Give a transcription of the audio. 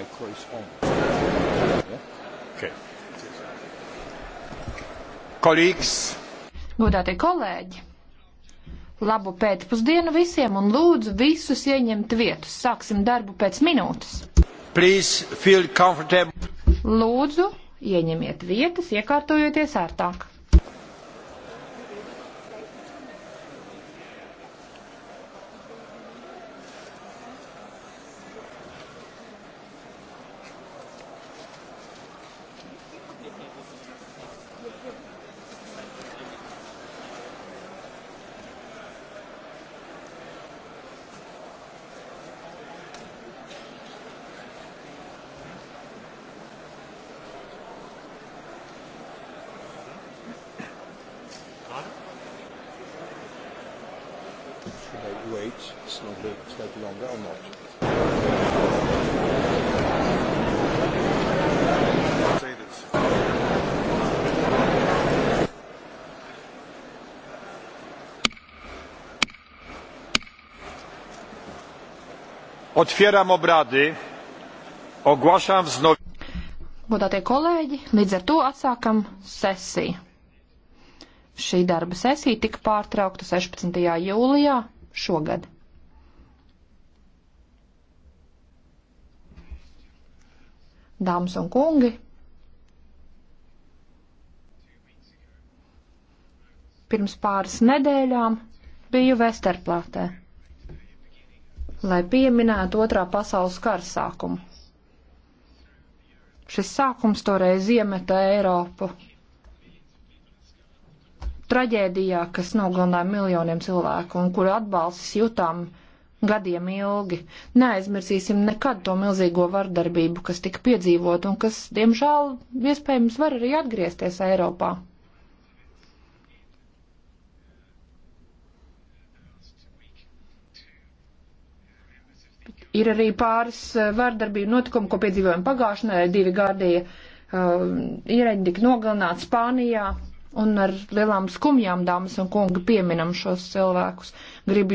by correspondence. Yeah? Okay. Kolīgs. Godātie kolēģi, labu pēcpusdienu visiem un lūdzu visus ieņemt vietas. Sāksim darbu pēc minūtes. Lūdzu, ieņemiet vietas, iekārtojieties ērtāk. should I wait slightly, slightly longer or not? Otwieram obrady. Ogłaszam wznowienie. Godātie kolēģi, līdz ar to atsākam sesiju. Šī darba sesija tika pārtraukta 16. jūlijā šogad. Dāmas un kungi, pirms pāris nedēļām biju Vesterplātē, lai pieminētu otrā pasaules kara sākumu. Šis sākums toreiz iemeta Eiropu traģēdijā, kas nogalināja miljoniem cilvēku un kuru atbalsts jutām gadiem ilgi. Neaizmirsīsim nekad to milzīgo vardarbību, kas tika piedzīvot un kas, diemžēl, iespējams var arī atgriezties Eiropā. Ir arī pāris eh, vārdarbību notikumu, ko piedzīvojam pagājušajā nedēļā. Divi gardie uh, ierēģi tika nogalināti Spānijā, un ar lielām skumjām, dāmas un kungi, pieminam šos cilvēkus. Gribu